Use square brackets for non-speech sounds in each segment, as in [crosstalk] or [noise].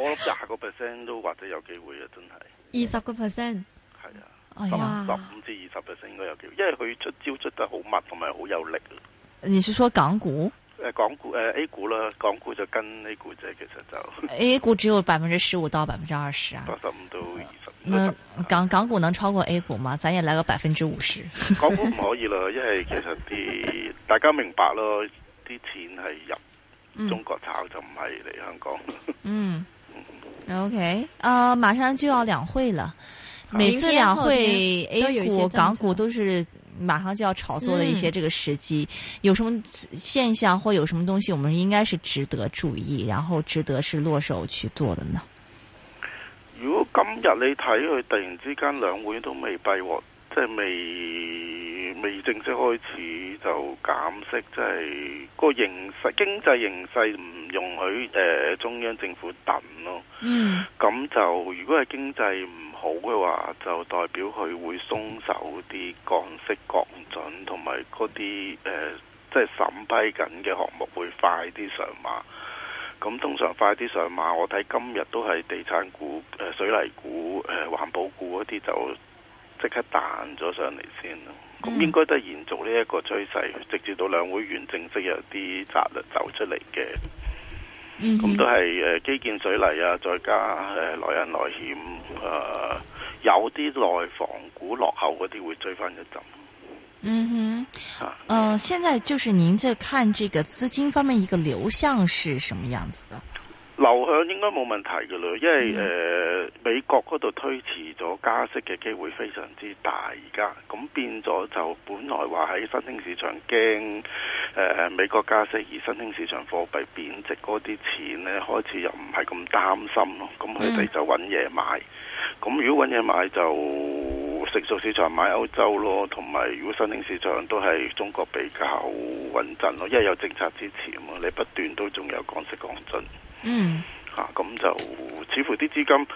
我諗廿個 percent 都或者有機會啊，真係二十個 percent 係啊，十五至二十 percent 應該有機會，因為佢出招出得好密同埋好有力。你是說港股？誒，港股誒、呃、A 股啦，港股就跟 A 股啫，其實就 A 股只有百分之十五到百分之二十啊，八十五到二十。五、啊嗯。港港股能超過 A 股嗎？咱也來個百分之五十。 [laughs] 港股唔可以咯，因為其實啲 [laughs] 大家明白咯，啲錢係入中國炒、嗯、就唔係嚟香港。嗯。OK，啊、uh，馬上就要兩會了，好每次兩會 A 股、港股都是馬上就要炒作的一些這個時機，嗯、有什麼現象或有什麼東西，我們應該是值得注意，然後值得是落手去做的呢？如果今日你睇佢突然之間兩會都未閉即係未未正式開始就減息，即、就、係、是、個形勢經濟形勢唔容許誒、呃、中央政府等咯。嗯，咁就如果係經濟唔好嘅話，就代表佢會鬆手啲降息降準，同埋嗰啲誒即係審批緊嘅項目會快啲上馬。咁通常快啲上馬，我睇今日都係地產股、誒水泥股、誒環保股嗰啲就。即刻彈咗上嚟先咯，咁、嗯、應該都係延續呢一個趨勢，直至到兩會完正式有啲策略走出嚟嘅。咁、嗯、哼都係誒基建水泥啊，再加誒內銀內險啊，有啲內房股落後嗰啲會追翻一浸。嗯哼，啊，嗯、呃，現在就是您在看這個資金方面一個流向是什麼樣子的？流向應該冇問題嘅嘞，因為誒、mm. 呃、美國嗰度推遲咗加息嘅機會非常之大，而家咁變咗就本來話喺新興市場驚誒、呃、美國加息，而新興市場貨幣貶值嗰啲錢咧開始又唔係咁擔心咯，咁佢哋就揾嘢買。咁、mm. 如果揾嘢買就成熟市場買歐洲咯，同埋如果新興市場都係中國比較穩陣咯，因為有政策支持啊嘛，你不斷都仲有降息降準。嗯，吓咁、mm. 啊、就似乎啲資金誒、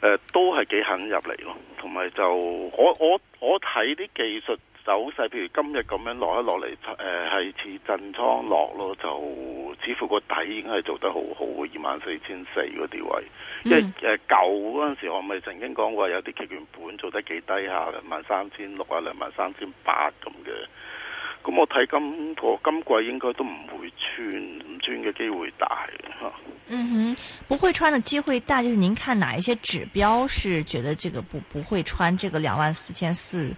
呃、都係幾肯入嚟咯，同埋就我我我睇啲技術走勢，譬如今日咁樣落一落嚟，誒係似震倉落咯，mm. 就似乎個底已經係做得好好，二萬四千四嗰啲位，因為誒舊嗰陣時我咪曾經講過，有啲期權本做得幾低下，兩萬三千六啊，兩萬三千八咁嘅。咁我睇今個今季應該都唔會穿，唔穿嘅機會大吓。嗯哼，不會穿嘅機會大，就係您看哪一些指標是覺得這個不不會穿，這個兩萬四千四，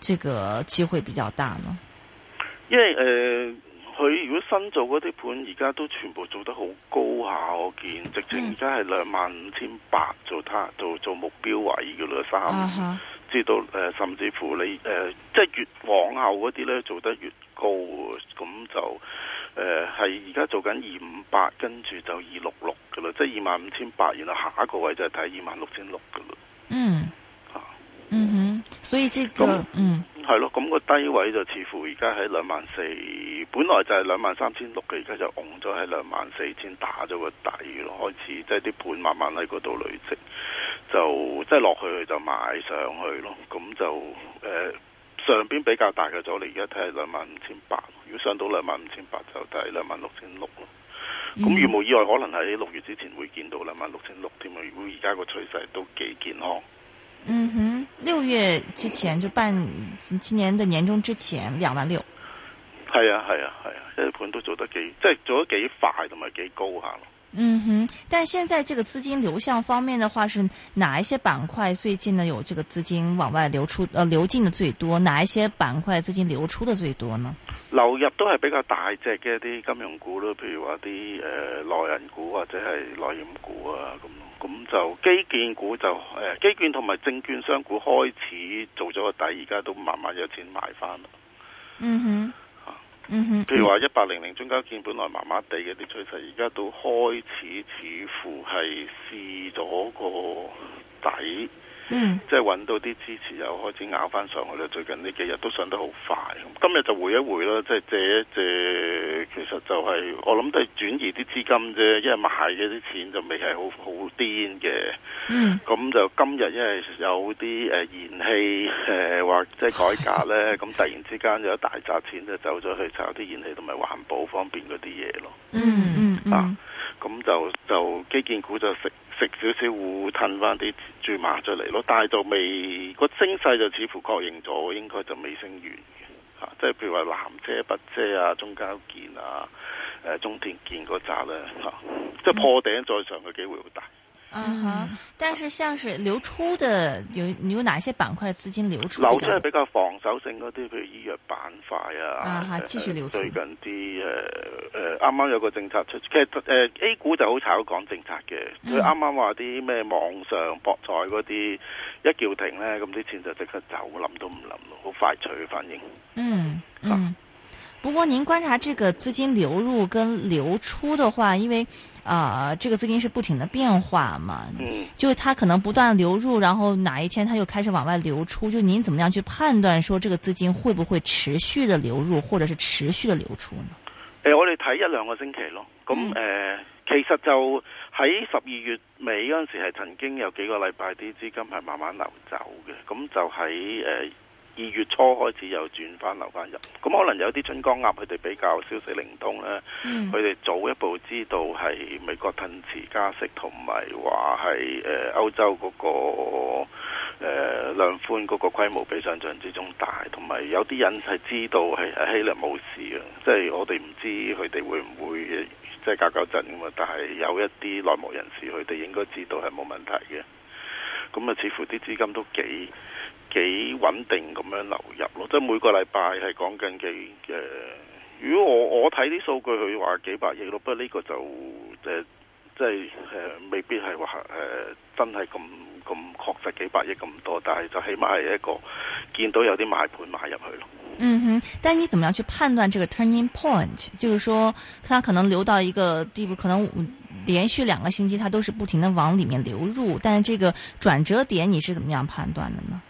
這個機會比較大呢？因為誒，佢、呃、如果新做嗰啲盤，而家都全部做得好高下，我見直情而家係兩萬五千八做他做做目標位嘅兩三。3, uh huh. 知道誒、呃，甚至乎你誒、呃，即係越往後嗰啲咧做得越高，咁就誒係而家做緊二五八，跟住就二六六嘅啦，即係二萬五千八，然後下一個位就係睇二萬六千六嘅啦。嗯，啊，嗯哼，所以呢、個嗯係咯，咁、嗯嗰個低位就似乎而家喺兩萬四，本來就係兩萬三千六嘅，而家就拱咗喺兩萬四千打咗個底咯，開始即係啲盤慢慢喺嗰度累積。就即係落去就買上去咯，咁就誒、呃、上邊比較大嘅阻力。而家睇係兩萬五千八，如果上到兩萬五千八就睇兩萬六千六咯。咁、嗯、如無意外可能喺六月之前會見到兩萬六千六添啊！如果而家個趨勢都幾健康。嗯哼，六月之前就辦今年的年終之前兩萬六。係啊係啊係啊，啊，一盤都做得幾即係做得幾快同埋幾高下。嗯哼，但現在這個資金流向方面的話，是哪一些板塊最近呢有這個資金往外流出？呃，流進的最多，哪一些板塊資金流出的最多呢？流入都係比較大隻嘅一啲金融股咯，譬如話啲誒，內銀股或者係內險股啊，咁咁，就基建股就誒、呃、基建同埋證券商股開始做咗個底，而家都慢慢有錢買翻咯。嗯哼。譬如話一八零零中交建本來麻麻地嘅啲趨勢，而家都開始似乎係試咗個底。嗯，即係搵到啲支持又開始咬翻上去啦。最近呢幾日都上得好快，今日就回一回啦。即係借一借，其實就係、是、我諗都係轉移啲資金啫。因為買咗啲錢就未係好好癲嘅。癲嗯，咁就今日因為有啲誒、呃、燃氣誒話即係改革咧，咁的突然之間有一大扎錢就走咗去炒啲燃氣同埋環保方面嗰啲嘢咯。嗯嗯啊，咁就就基建股就食食少少戶，護褪翻啲。轉碼出嚟咯，但係就未個升勢就似乎確認咗，應該就未升完嘅。吓即係譬如話南車北車啊、中交建啊、誒中天建嗰紮咧，嚇即係破頂再上嘅機會好大。嗯哼，但是像是流出的有你有哪些板塊資金流出？流出係比較防守性嗰啲，譬如醫藥板塊啊。啊繼續流出。最近啲誒誒，啱啱，呃，呃，有個政策出，其實誒，呃，A 股就好炒講政策嘅。佢啱啱話啲咩網上博彩嗰啲一叫停咧，咁啲錢就即刻走，諗都唔諗，好快脆反應。嗯嗯，不過您觀察這個資金流入跟流出的話，因為。啊，這個資金是不停的變化嘛，嗯、就它可能不斷流入，然後哪一天它又開始往外流出，就您怎麼樣去判斷說這個資金會不會持續的流入，或者是持續的流出呢？誒、呃，我哋睇一兩個星期咯，咁、嗯、誒，嗯、其實就喺十二月尾嗰陣時係曾經有幾個禮拜啲資金係慢慢流走嘅，咁就喺、是、誒。呃二月初開始又轉翻流翻入，咁可能有啲春江鴨佢哋比較消息靈通咧，佢哋、嗯、早一步知道係美國推遲加息，同埋話係歐洲嗰、那個、呃、量寬嗰個規模比想像之中大，同埋有啲人係知道係希臘冇事嘅，即、就、係、是、我哋唔知佢哋會唔會即係搞搞震。咁、就、嘛、是、但係有一啲內幕人士佢哋應該知道係冇問題嘅，咁啊似乎啲資金都幾。幾穩定咁樣流入咯，即係每個禮拜係講緊幾誒。如果我我睇啲數據佢話幾百億咯，不過呢個就誒即係誒、呃，未必係話誒真係咁咁確實幾百億咁多，但係就起碼係一個見到有啲買盤買入去咯。嗯哼，但係你怎麼樣去判斷這個 turning point？就是說，它可能流到一個地步，可能連續兩個星期它都是不停的往裏面流入，但係這個轉折點你是怎麼樣判斷的呢？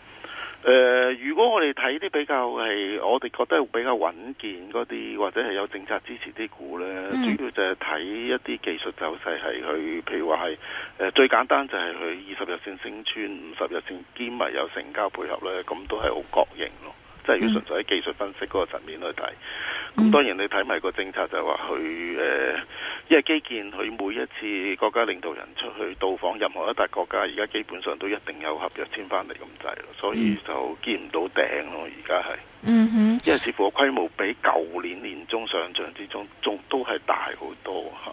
誒、呃，如果我哋睇啲比較係，我哋覺得比較穩健嗰啲，或者係有政策支持啲股呢，嗯、主要就係睇一啲技術走勢係佢，譬如話係、呃、最簡單就係佢二十日線升穿五十日線，兼埋有成交配合呢，咁都係好確認咯。即係要純粹喺技術分析嗰個層面去睇，咁、mm hmm. 當然你睇埋個政策就係話佢誒，因為基建佢每一次國家領導人出去到訪任何一笪國家，而家基本上都一定有合約簽翻嚟咁滯，所以就見唔到頂咯。而家係，嗯哼，因為似乎個規模比舊年年中上漲之中是，仲都係大好多吓。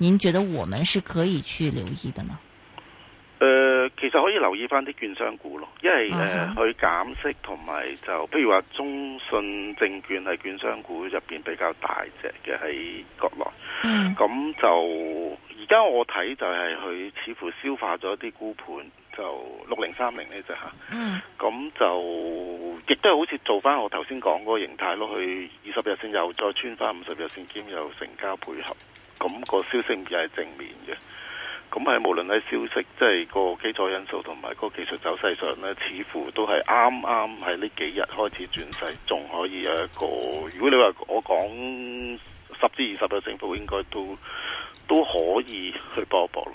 您覺得我們是可以去留意的嗎、呃？其實可以留意翻啲券商股咯，因為誒、uh huh. 呃、去減息同埋就，譬如話中信證券係券商股入邊比較大隻嘅喺國內。咁、uh huh. 就而家我睇就係、是、佢似乎消化咗啲沽盤，就六零三零呢隻吓。咁、uh huh. 就亦都係好似做翻我頭先講嗰個形態咯，去二十日線又再穿翻五十日線兼有成交配合。咁個消息又係正面嘅，咁喺無論喺消息，即係個基礎因素同埋個技術走勢上呢，似乎都係啱啱喺呢幾日開始轉勢，仲可以有一個。如果你話我講十至二十嘅政府，應該都都可以去搏一搏咯。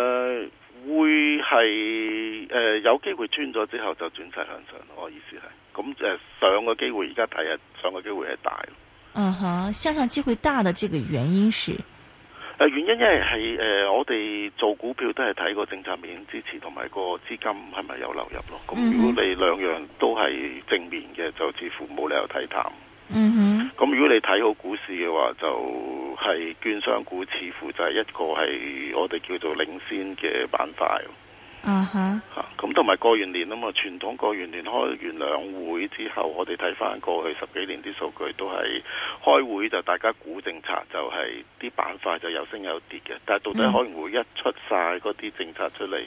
會係誒、呃，有機會穿咗之後就轉勢向上咯。我意思係，咁誒上個機會而家睇下，上個機會係大咯。嗯哼、uh，huh. 向上機會大嘅這個原因是誒、呃，原因因為係誒，我哋做股票都係睇個政策面支持，同埋個資金係咪有流入咯。咁、mm hmm. 如果你兩樣都係正面嘅，就似乎冇理由睇淡。嗯哼、mm。Hmm. 咁如果你睇好股市嘅話，就係、是、券商股似乎就係一個係我哋叫做領先嘅板塊。嗯哼、uh。吓、huh.，咁同埋過完年啊嘛，傳統過完年開完兩會之後，我哋睇翻過去十幾年啲數據，都係開會就大家估政策，就係、是、啲板塊就有升有跌嘅。但係到底開完會一出晒嗰啲政策出嚟，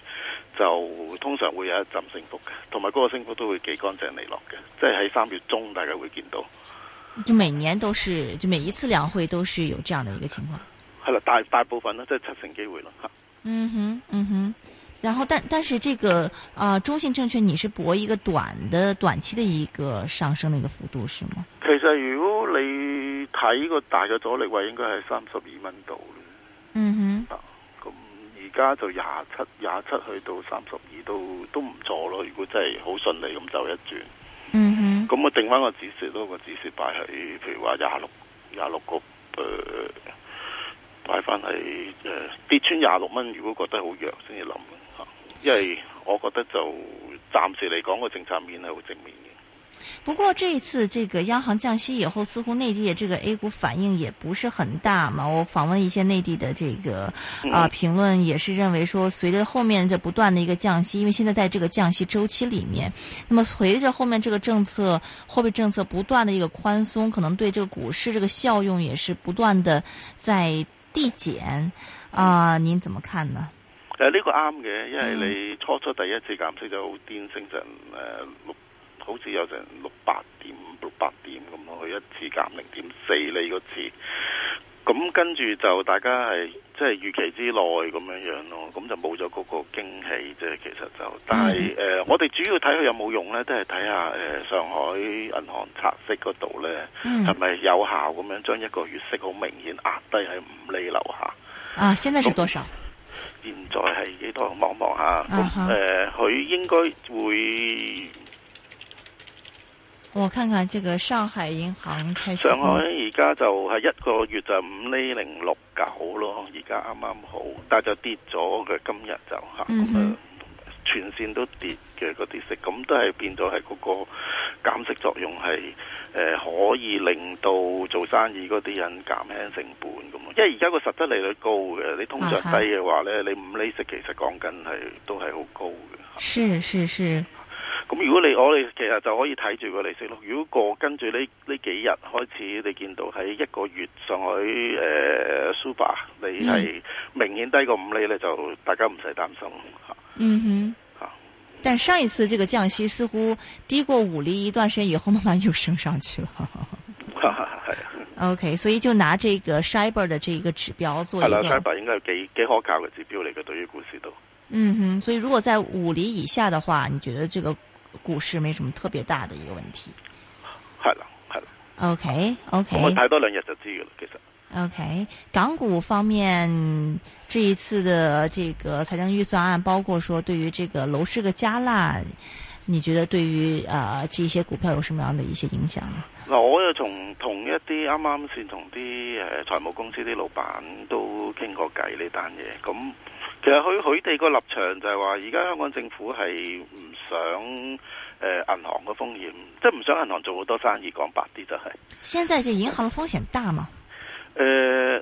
就通常會有一陣升幅嘅，同埋嗰個升幅都會幾乾淨利落嘅，即係喺三月中大家會見到。就每年都是，就每一次兩會都是有這樣的一個情況。係啦，大大部分都即係七成機會咯。嗯哼，嗯哼。然後但但是這個啊、呃，中信證券你是搏一個短的短期的一個上升的一個幅度是嗎？其實如果你睇個大嘅阻力位，應該係三十二蚊度。嗯哼。咁而家就廿七廿七，去到三十二，都都唔錯咯。如果真係好順利咁走一轉。咁我定翻個指示咯，個指示擺去，譬如話廿六、廿六個，誒、呃，擺翻去誒跌穿廿六蚊，如果覺得好弱，先至諗吓，因為我覺得就暫時嚟講，個政策面係好正面嘅。不過這一次這個央行降息以後，似乎內地的這個 A 股反應也不是很大嘛。我訪問一些內地的這個啊、呃、評論，也是認為說，隨着後面這不斷的一個降息，因為現在在這個降息周期裏面，那麼隨着後面這個政策貨幣政策不斷的一個寬鬆，可能對這個股市這個效用也是不斷的在遞減啊、呃。您怎麼看呢？誒、呃，呢、這個啱嘅，因為你初初第一次減息就好癲升神、呃好似有成六百點六百點咁咯，佢一次減零點四厘個次，咁跟住就大家係即係預期之內咁樣樣咯，咁就冇咗嗰個驚喜啫。其實就，但係、嗯呃、我哋主要睇佢有冇用咧，都係睇下、呃、上海銀行拆息嗰度咧，係咪、嗯、有效咁樣將一個月息好明顯壓低喺五厘樓下啊？現在是多少？現在係幾多？望一望吓。咁佢應該會。我看，看這個上海銀行拆息，上海而家就係一個月就五厘零,零六九咯，而家啱啱好，但係就跌咗嘅今日就吓咁樣，嗯、哼全線都跌嘅嗰啲息，咁都係變咗係嗰個減息作用係誒、呃、可以令到做生意嗰啲人減輕成本咁，因為而家個實質利率，率高嘅，你通脹低嘅話咧，啊、哈你五厘息其實講緊係都係好高嘅。係係係。咁、嗯、如果你我哋其實就可以睇住個利息咯。如果過跟住呢呢幾日開始，你見到喺一個月上海誒 Shibor 你係、嗯、明顯低過五厘咧，就大家唔使擔心嚇。嗯哼嚇。啊、但上一次這個降息似乎低過五厘一段時間以後，慢慢又升上去了。係。O K，所以就拿這個 Shibor 的這個指標做一個。係啦 Shibor 應該幾幾可靠嘅指標嚟嘅，對於股市度。嗯哼，所以如果在五厘以下的話，你覺得這個？股市沒什麼特別大的一個問題，係啦係啦。OK OK，我睇多兩日就知噶啦，其實。OK，港股方面這一次的這個財政預算案，包括說對於這個樓市個加辣，你覺得對於啊、呃、這一些股票有什麼樣的一些影響呢？嗱，我又從同一啲啱啱先同啲誒財務公司啲老闆都傾過偈呢單嘢咁。其實佢佢哋個立場就係話，而家香港政府係唔想誒銀行嘅風險，即係唔想銀行做好多生意。講白啲就係、是，現在嘅銀行嘅風險大嗎？誒、呃，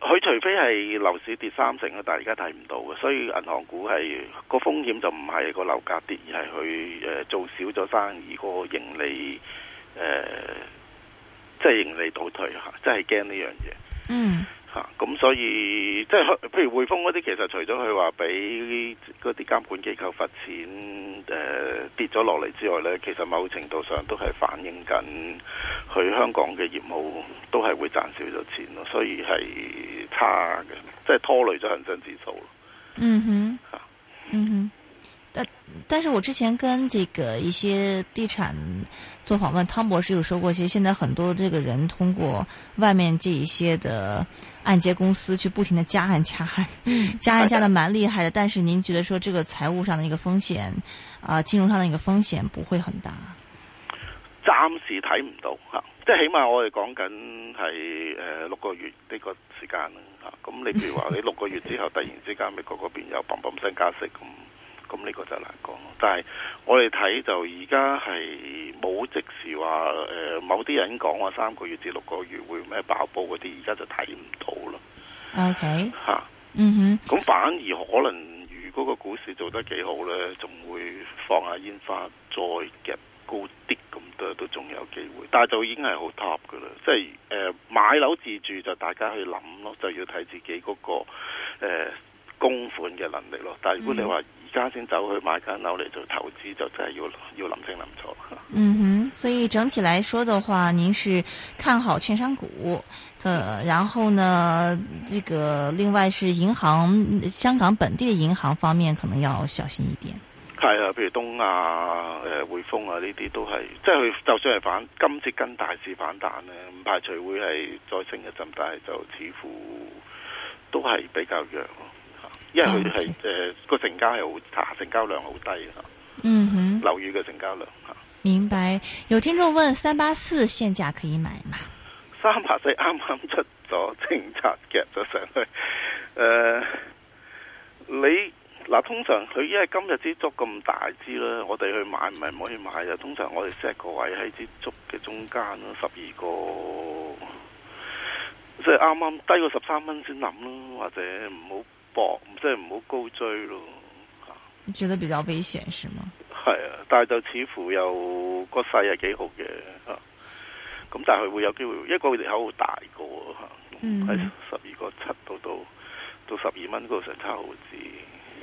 佢除非係樓市跌三成啊，但係而家睇唔到嘅，所以銀行股係個風險就唔係個樓價跌，而係佢誒做少咗生意，個盈利誒即係盈利倒退吓，真係驚呢樣嘢。嗯。啊，咁所以即係譬如匯豐嗰啲，其實除咗佢話俾嗰啲監管機構罰錢，誒、呃、跌咗落嚟之外咧，其實某程度上都係反映緊佢香港嘅業務都係會賺少咗錢咯，所以係差嘅，即、就、係、是、拖累咗恒生指數咯。嗯哼、吓、啊，嗯哼。但，但是我之前跟這個一些地產做訪問，湯博士有說過，其實現在很多這個人通過外面這一些的按揭公司去不停的加按加按，加按加得蠻厲害的。但是您覺得說這個財務上的一個風險，啊，金融上的一個風險不會很大？暫時睇唔到吓，啊，即起碼我哋講緊係誒六個月呢個時間啊。咁你譬如話你六個月之後 [laughs] 突然之間美國嗰邊有砰砰聲加息咁。咁呢個就難講囉。但係我哋睇就而家係冇即時話、呃、某啲人講話三個月至六個月會咩爆煲嗰啲，而家就睇唔到啦。OK，吓，嗯哼，咁反而可能如果個股市做得幾好咧，仲會放下煙花再夾高啲咁多都仲有機會，但係就已經係好 top 噶啦。即係、呃、買樓自住就大家去諗咯，就要睇自己嗰個供款嘅能力咯。但係如果你話、mm，hmm. 家先走去買間樓嚟做投資，就真係要要諗清諗楚。嗯哼，所以整體來說嘅話，您是看好券商股，呃，然後呢，呢、這個另外是銀行，香港本地嘅銀行方面可能要小心一點。係啊，譬如東亞、誒、呃、匯豐啊呢啲都係，即係佢就算係反今次跟大市反彈呢，唔排除會係再升一陣，但係就似乎都係比較弱。因為佢係誒個成交係好差，成交量好低啊。嗯哼、mm，hmm. 樓宇嘅成交量吓。明白，有聽眾問：三八四現價可以買嘛？剛剛出了」三八四啱啱出咗清拆，夾咗上去。誒、呃，你嗱、呃，通常佢因為今日支竹咁大支啦，我哋去買唔係唔可以買，就通常我哋 set 個位喺支竹嘅中間咯，十二個，即係啱啱低過十三蚊先諗咯，或者唔好。薄即係唔好高追咯，你覺得比較危險是嗎？係啊，但係就似乎又個勢係幾好嘅吓，咁、啊、但係佢會有機會，一個佢哋口好大個吓，喺十二個七度到到十二蚊度成七毫子，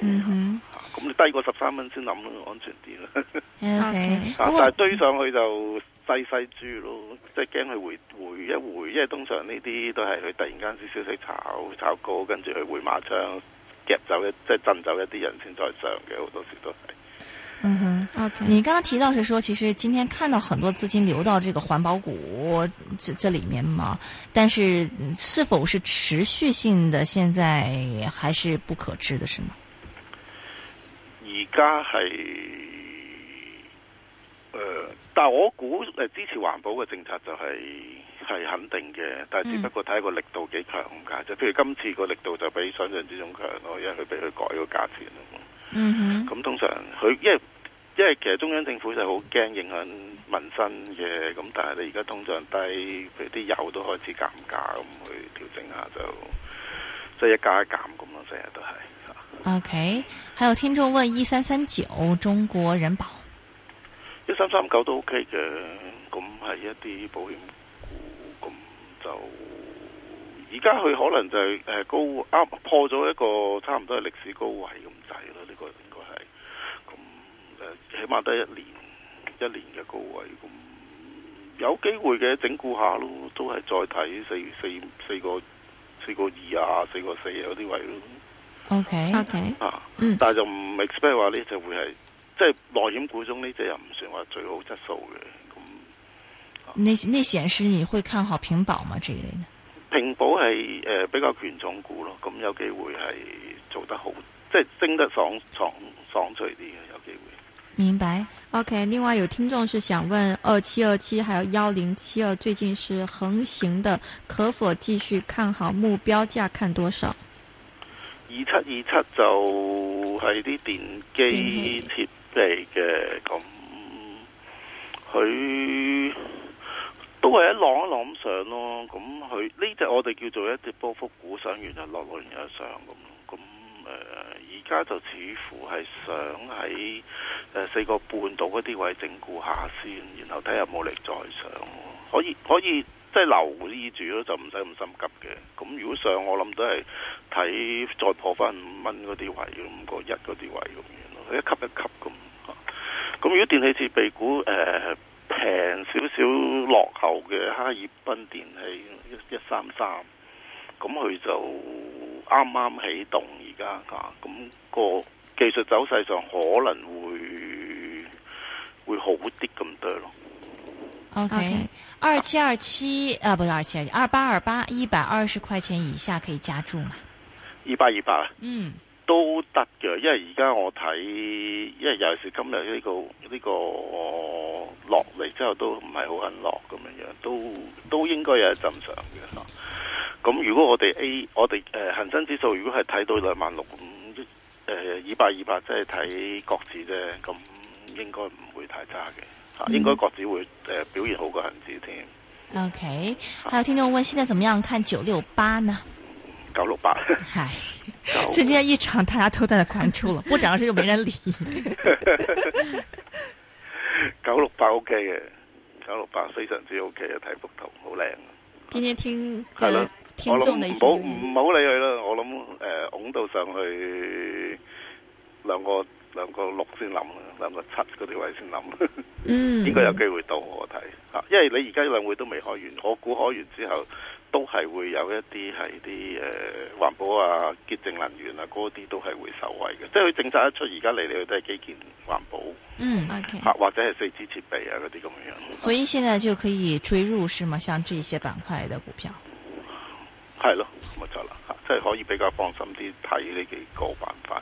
嗯哼，咁你低過十三蚊先諗咯，安全啲啦。OK，但係堆上去就。西西豬咯，即係驚佢回回一回，因為通常呢啲都係佢突然間啲消息炒炒高，跟住佢回馬槍夾走一即係震走一啲人先再上嘅，好多時都係。嗯哼，OK。你剛剛提到是說，其實今天看到很多資金流到這個環保股這這裡面嘛，但是是否是持續性的，現在還是不可知的，是嗎？而家係，誒、呃。但我估誒支持環保嘅政策就係、係、係肯定嘅，但係只不過睇個力度幾強咁解啫。嗯、譬如今次個力度就比想象之中強咯，因為佢俾佢改個價錢咯。嗯咁哼通常佢因為因為其實中央政府就好驚影響民生嘅，咁但係你而家通脹低，譬如啲油都開始減價咁去調整一下就即係一加一減咁咯，成日都係。OK，還有聽眾問一三三九中國人保。一三三九都 OK 嘅，咁係一啲保險股，咁就而家佢可能就係高啱破咗一個差唔多係歷史高位咁滯咯，呢個應該係咁起碼得一年一年嘅高位，咁有機會嘅整固下咯，都係再睇四四四個四個二啊，四個四啊嗰啲位咯。OK OK 啊，mm. 但係就唔 expect 話呢隻會係。即係內險股中呢，隻又唔算話最好質素嘅。咁、嗯，那那顯示你會看好平保嗎？這一類呢，平保係誒、呃、比較權重股咯，咁、嗯、有機會係做得好，即係升得爽爽爽，爽脆啲嘅，有機會。明白。OK，另外有聽眾是想問二七二七，還有幺零七二，最近是橫行的，可否繼續看好？目標價看多少？二七二七就係啲電機嚟嘅咁，佢、嗯嗯嗯、都係一浪一浪咁上咯。咁佢呢隻我哋叫做一隻波幅股，上完就落，落完一上咁。咁而家就似乎係想喺四個半度嗰啲位整固下先，然後睇下有冇力再上。可以可以即係留意住咯，就唔使咁心急嘅。咁如果上，我諗都係睇再破翻五蚊嗰啲位，五個一嗰啲位咁樣咯。佢一級一級咁。咁如果電器設備股誒平少少落後嘅哈爾濱電器一一三三，咁佢就啱啱起動而家吓，咁、啊咁個技術走勢上可能會會好啲咁多咯。OK，二七二七啊，不二七二八二八，一百二十塊錢以下可以加注嘛？二八二八，嗯。都得嘅，因為而家我睇，因為尤其是今日呢、這個呢、這個、呃、落嚟之後都唔係好肯落咁樣，都都應該係正常嘅。咁、啊、如果我哋 A，我哋誒、呃、恒生指數如果係睇到兩萬六咁，誒二百二百，即係睇各自啫，咁應該唔會太差嘅，吓、啊嗯、應該各自會誒、呃、表現好過恒指添。OK，、啊、還有聽眾問，現在怎麼樣看九六八呢？九六八， [laughs] 唉，最近九一場大家都帶來關注了， [laughs] 不漲嘅時候就沒人理。 [laughs] [laughs] 九六八 OK 嘅，九六八非常之 OK 嘅，睇幅圖好靚。今天聽係咯，就聽眾嘅意思，唔好唔好理佢啦，我諗誒，拱到上去兩個。兩個六先諗，兩個七嗰啲位先諗，應該、嗯、 [laughs] 有機會到我睇，因為你而家兩會都未開完，我估開完之後都係會有一啲係啲誒環保啊、潔淨能源啊嗰啲都係會受惠嘅，嗯、即係佢政策一出，而家嚟嚟去都係基建、環保，嗯、okay. 或者係四支設備啊嗰啲咁樣。所以現在就可以追入，是嘛？像這些板塊嘅股票，係咯、嗯，冇錯啦吓，即係可以比較放心啲睇呢幾個板塊。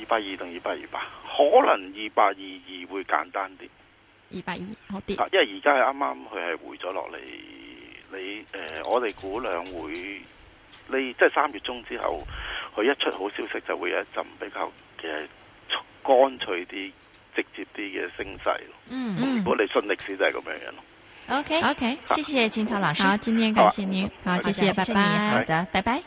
二八二定二八二吧，00, 可能二八二二會簡單啲。二八二好啲，因為而家係啱啱佢係回咗落嚟，你誒、呃，我哋估兩會你即係三月中之後，佢一出好消息就會有一陣比較嘅乾脆啲、直接啲嘅升勢嗯,嗯如果你信歷史就係咁樣樣咯。OK OK，謝謝青草老師，好，今天感謝你，好，謝謝是，拜拜，好的，拜拜。